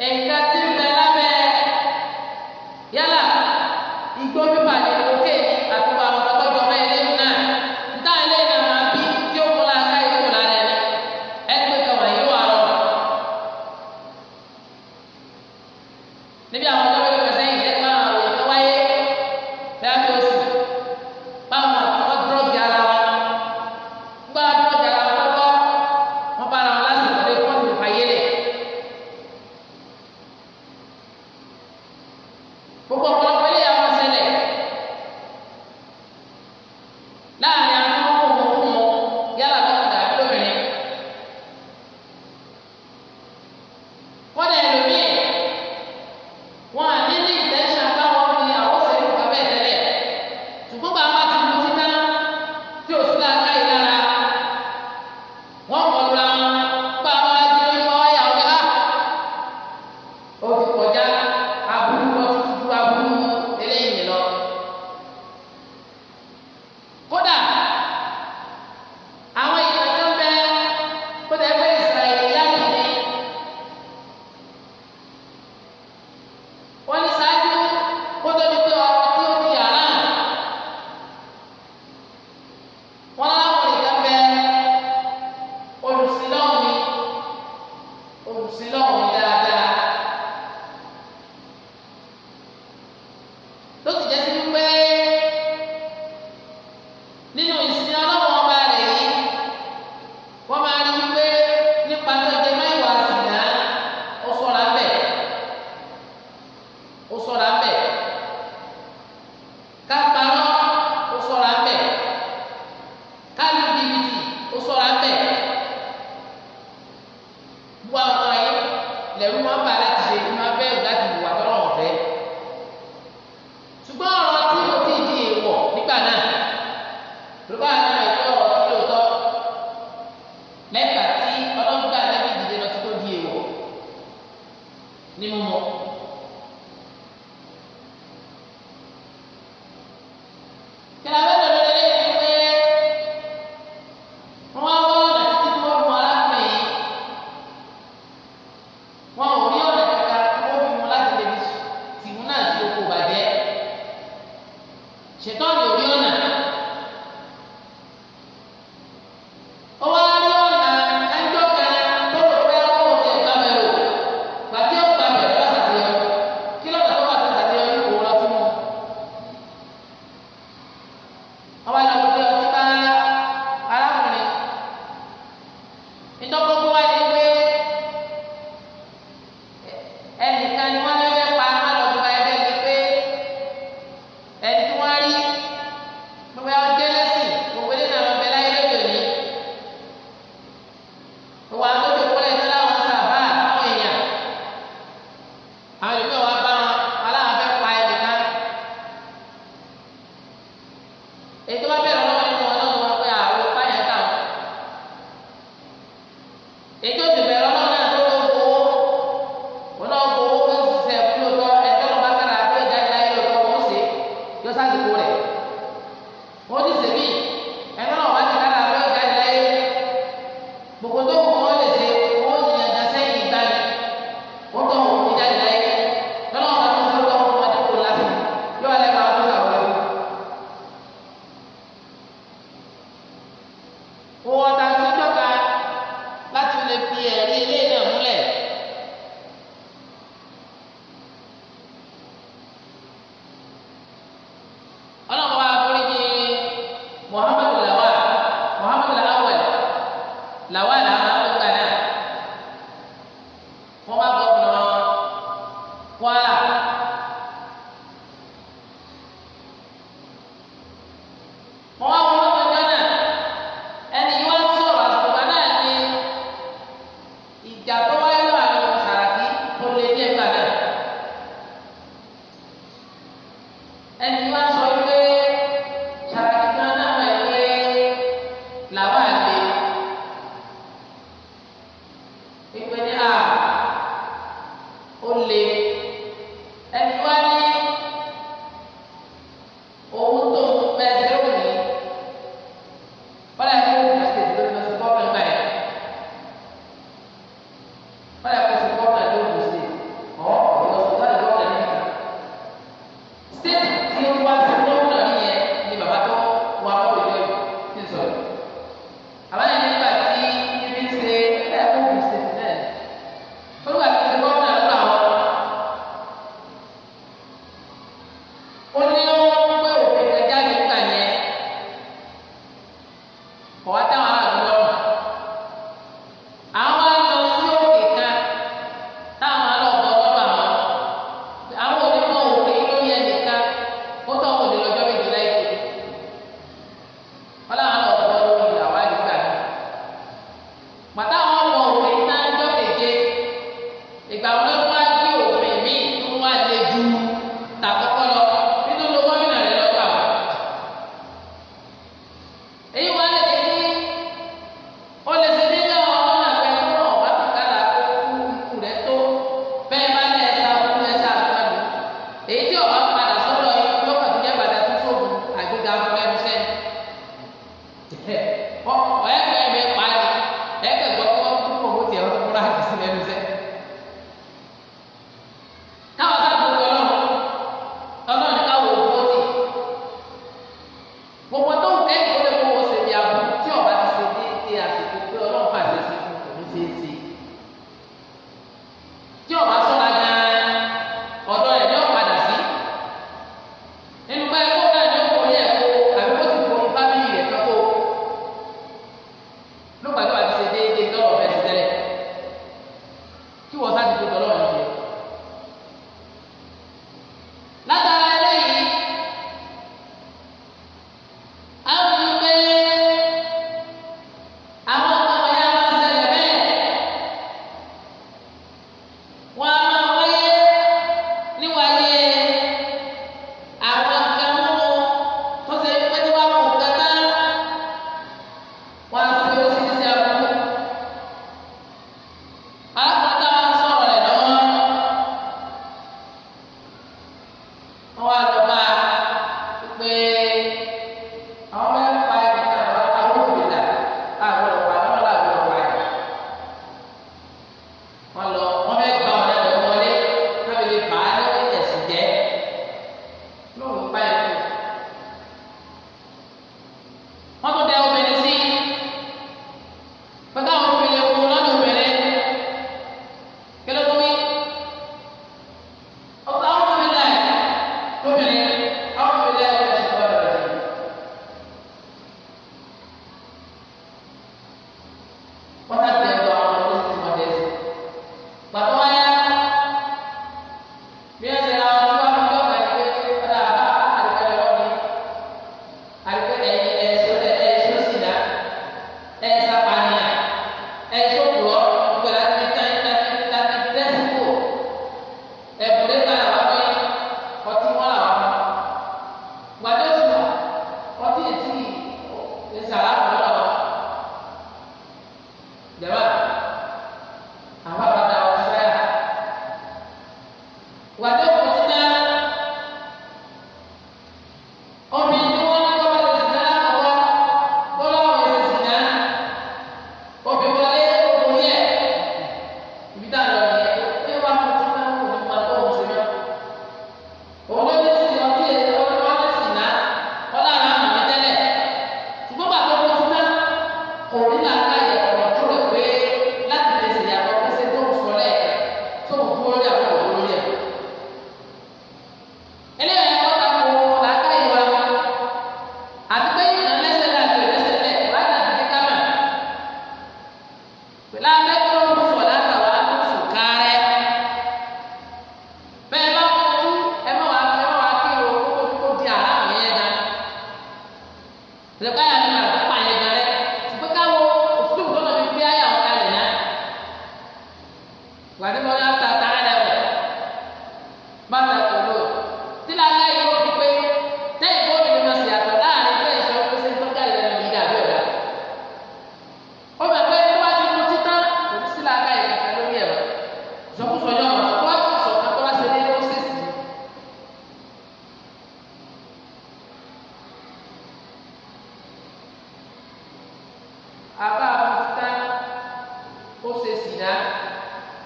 Esta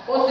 ó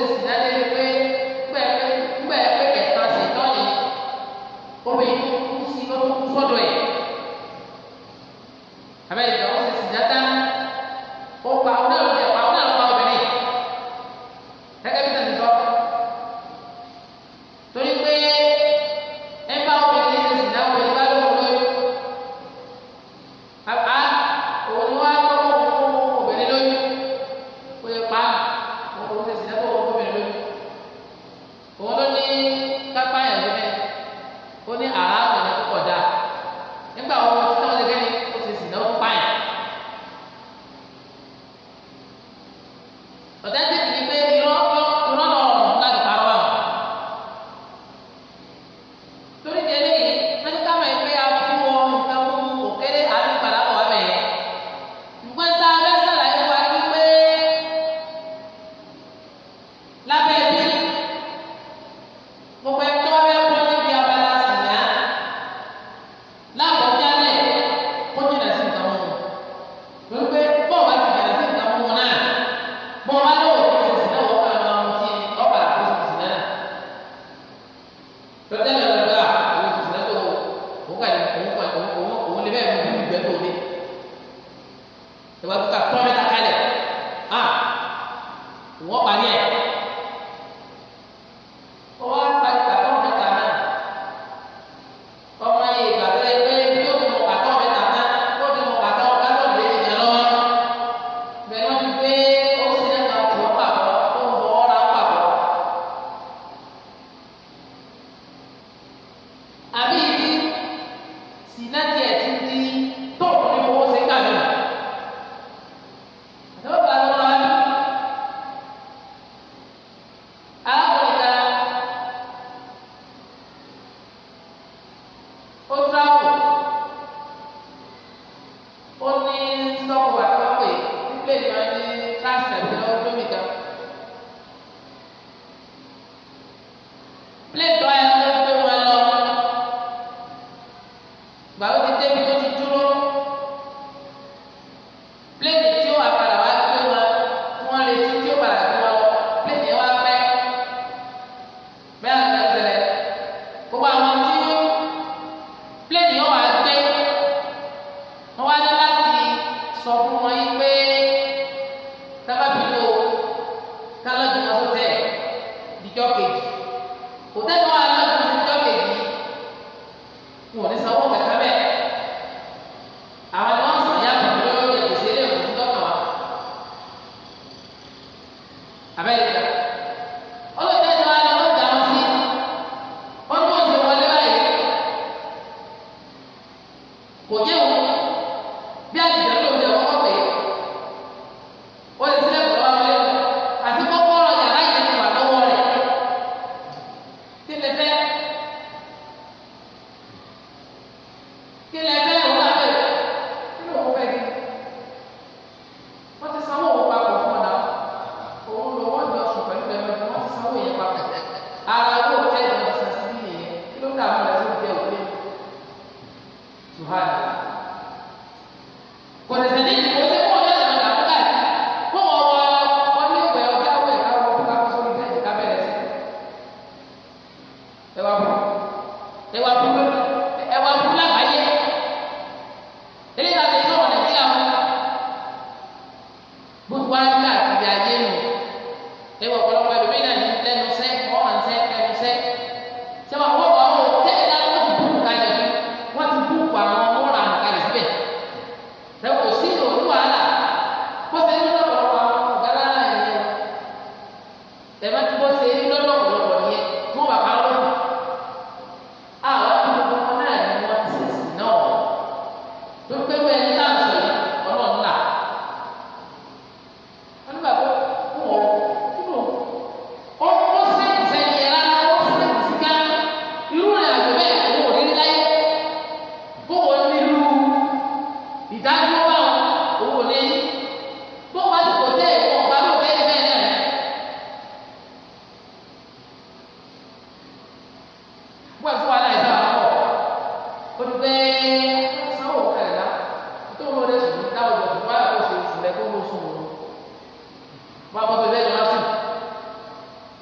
Play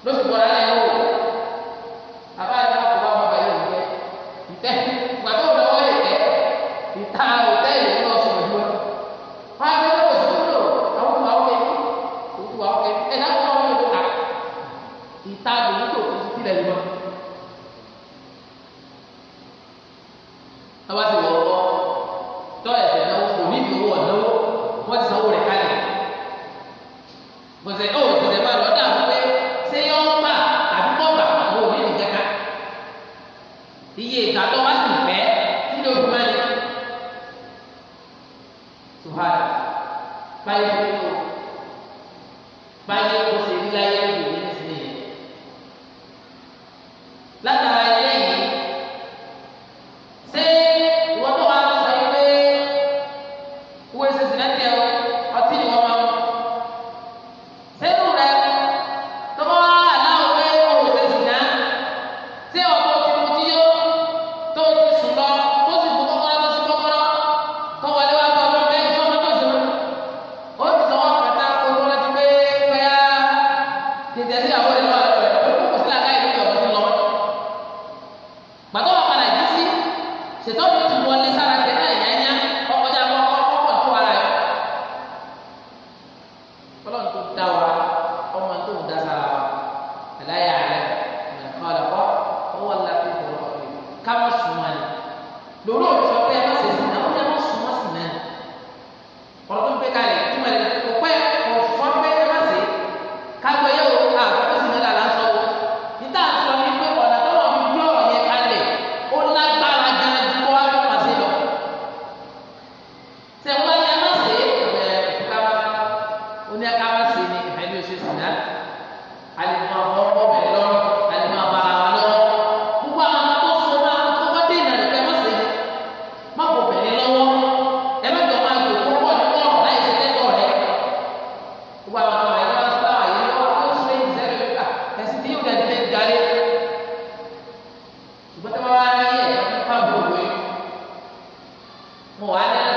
Nós moramos Juana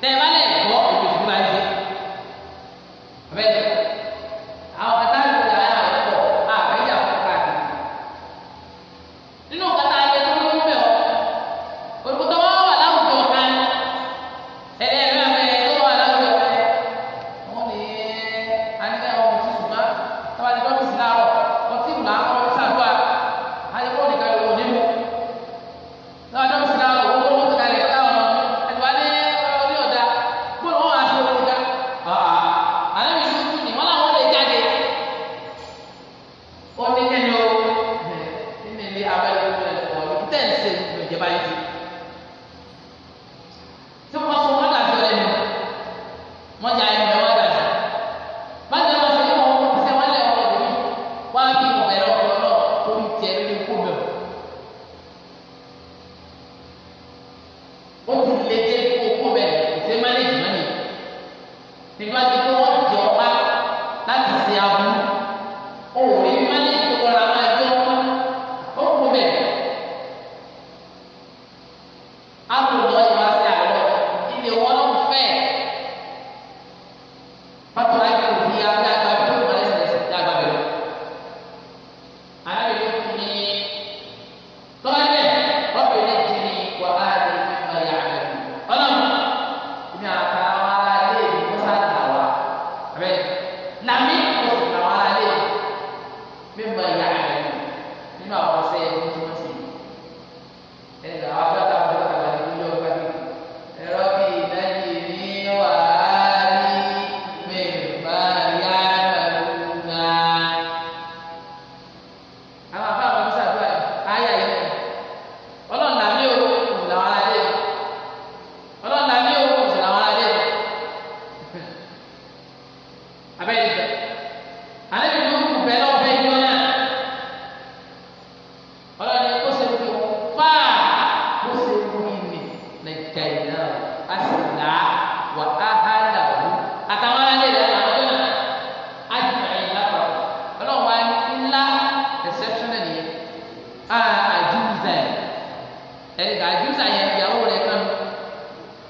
Dale, vale.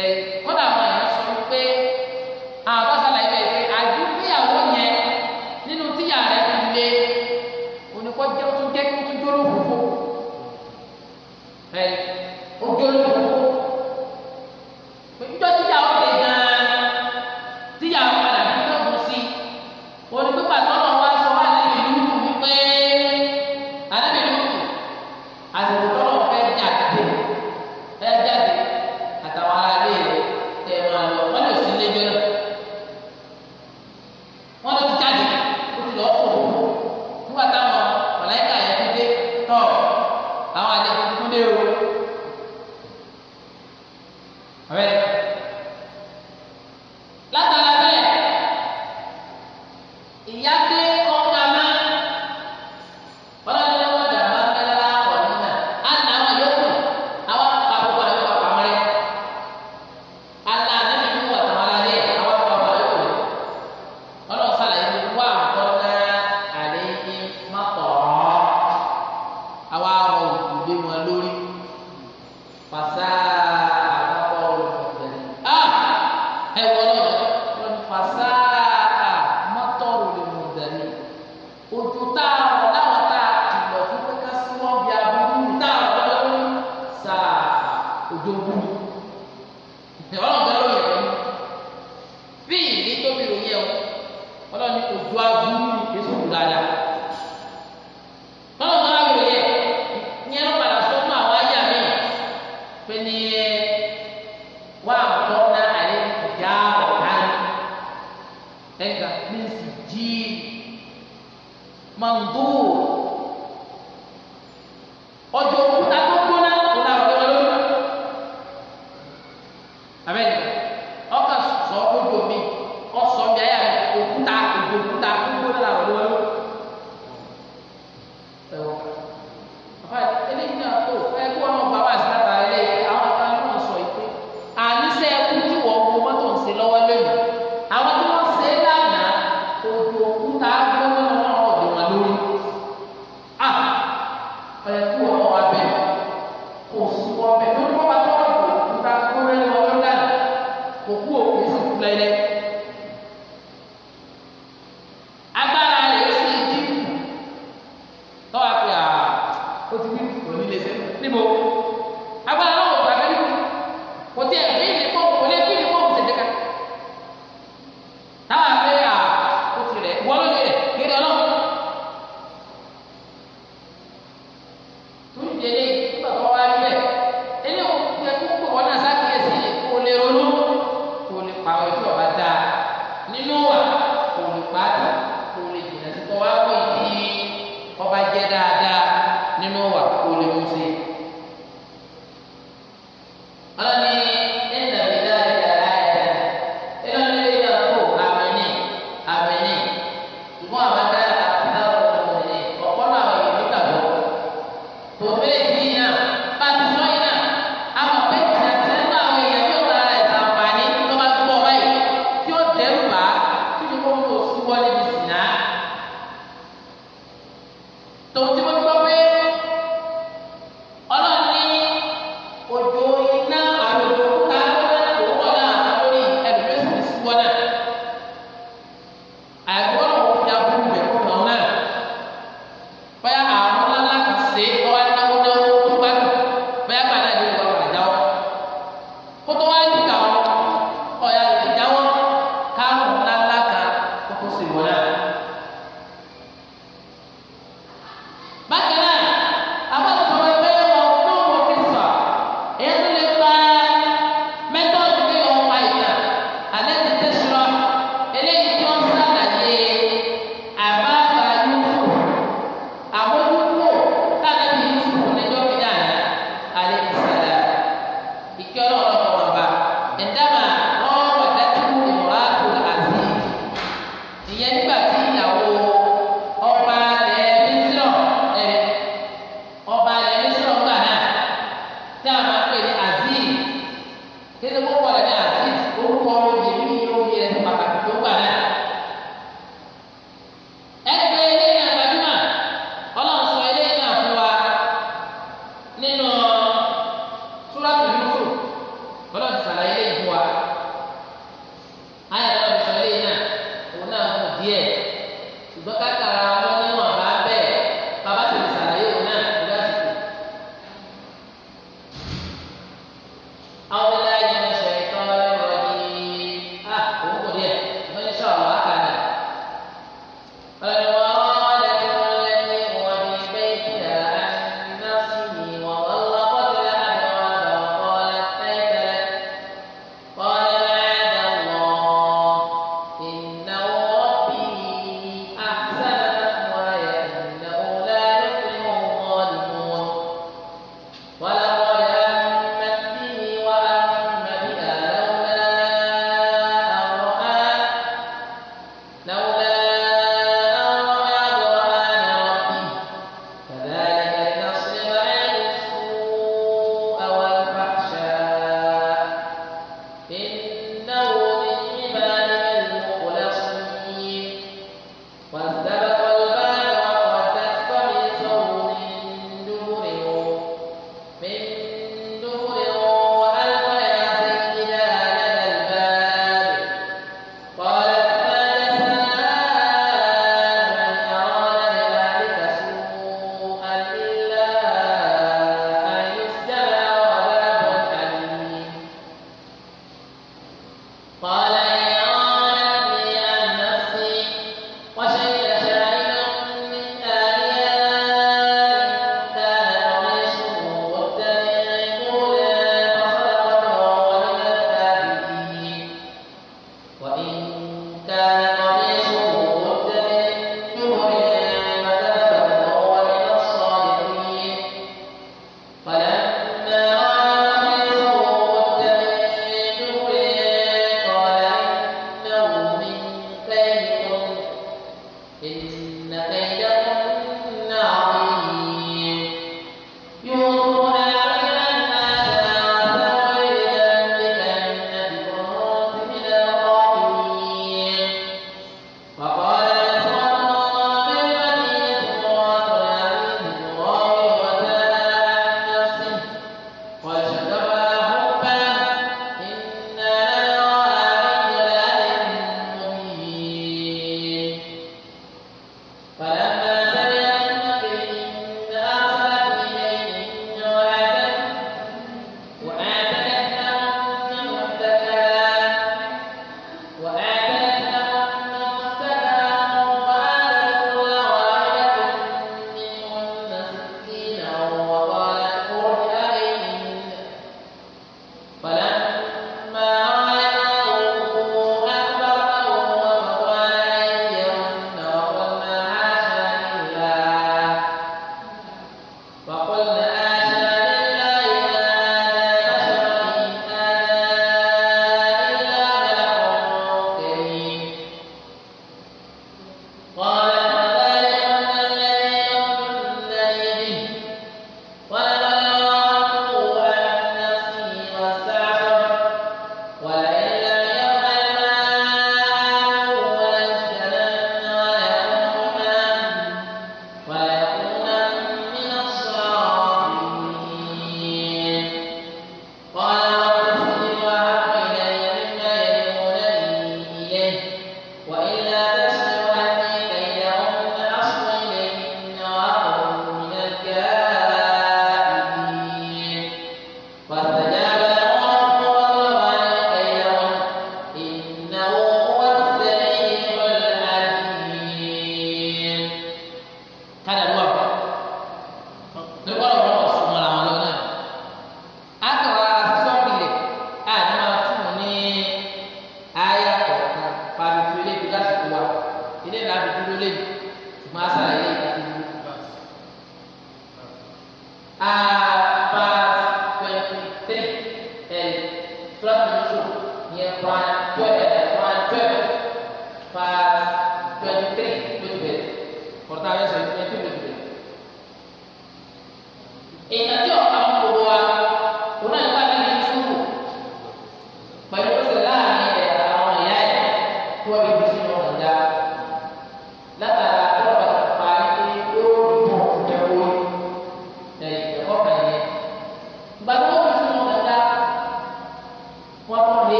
Gracias. Eh,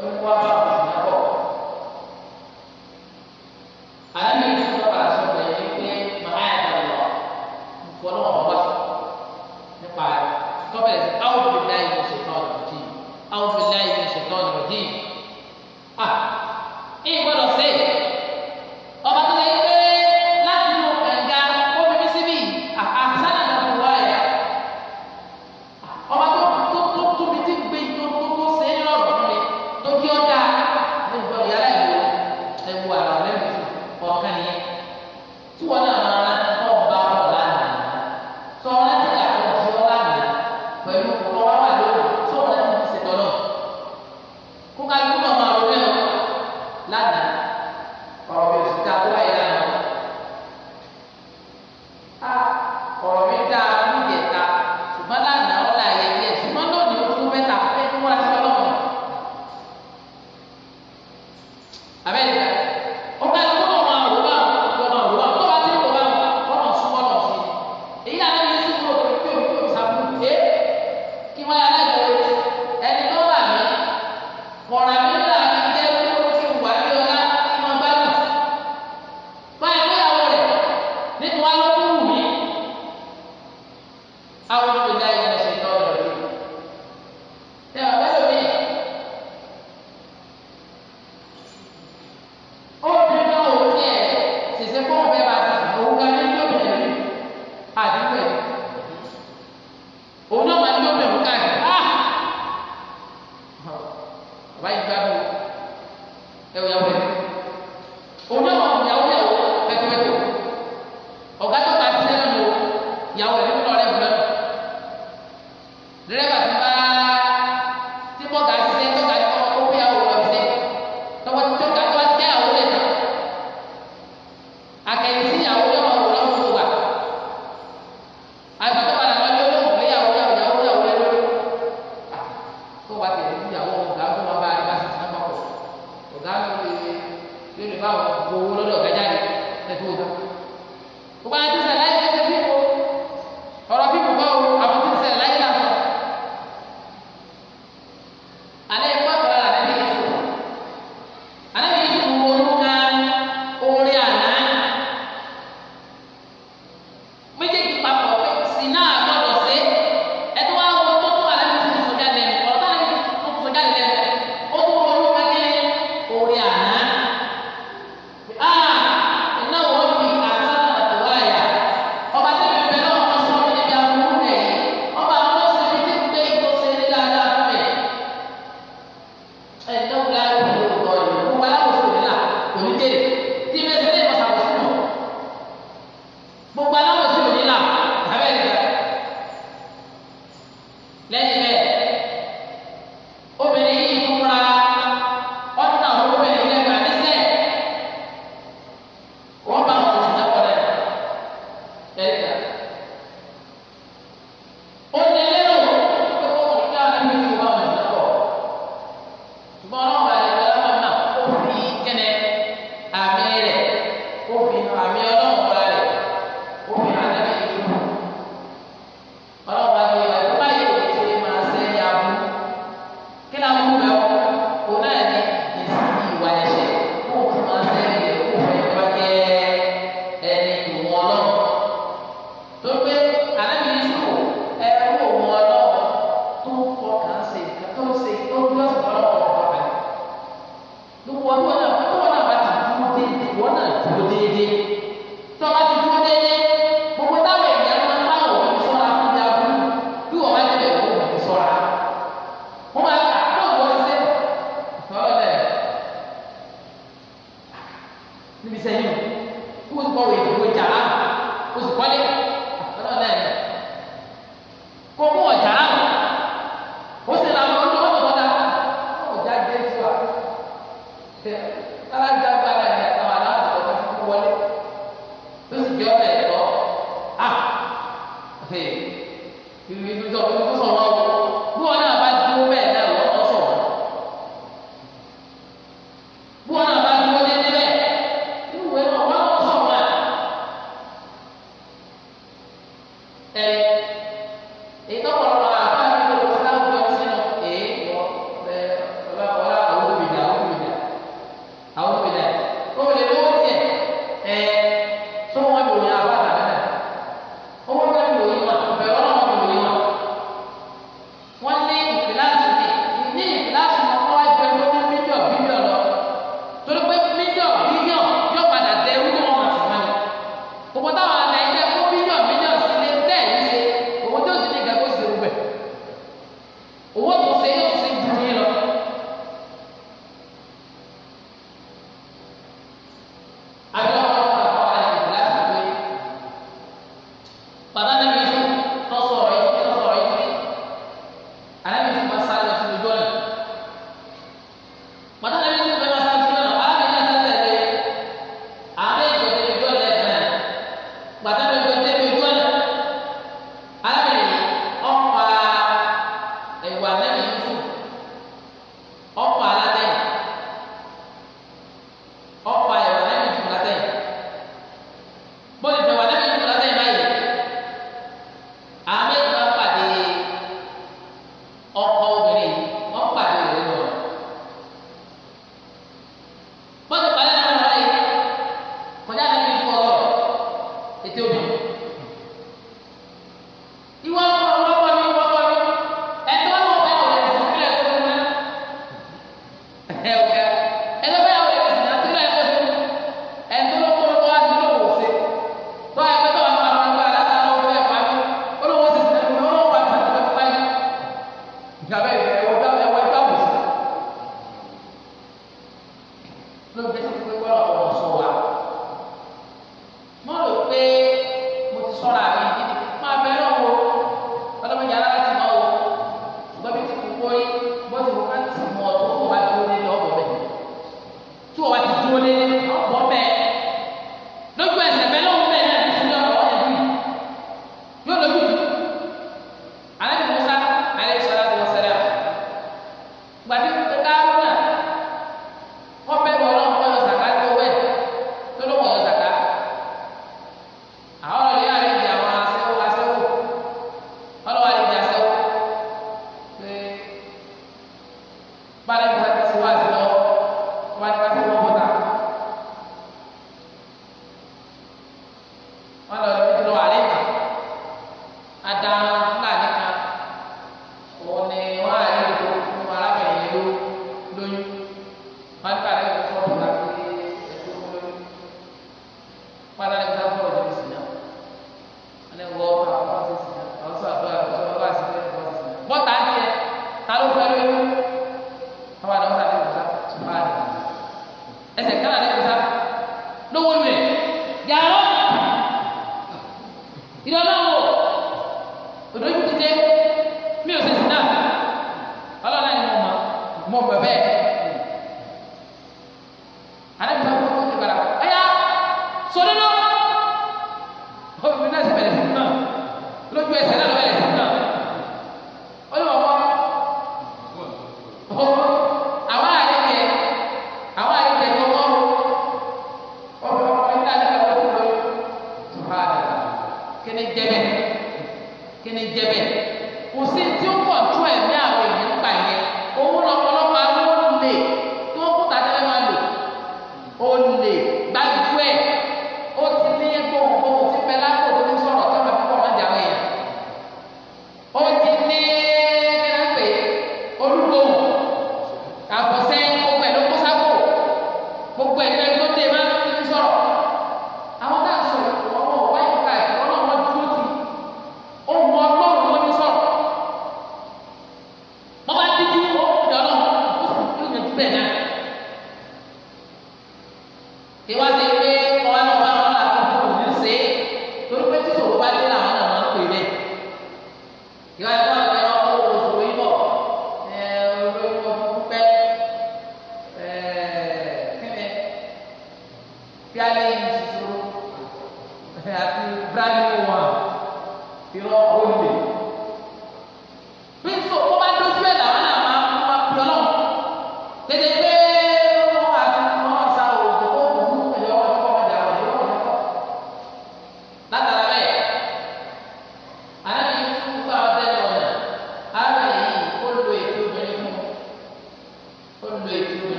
Foi um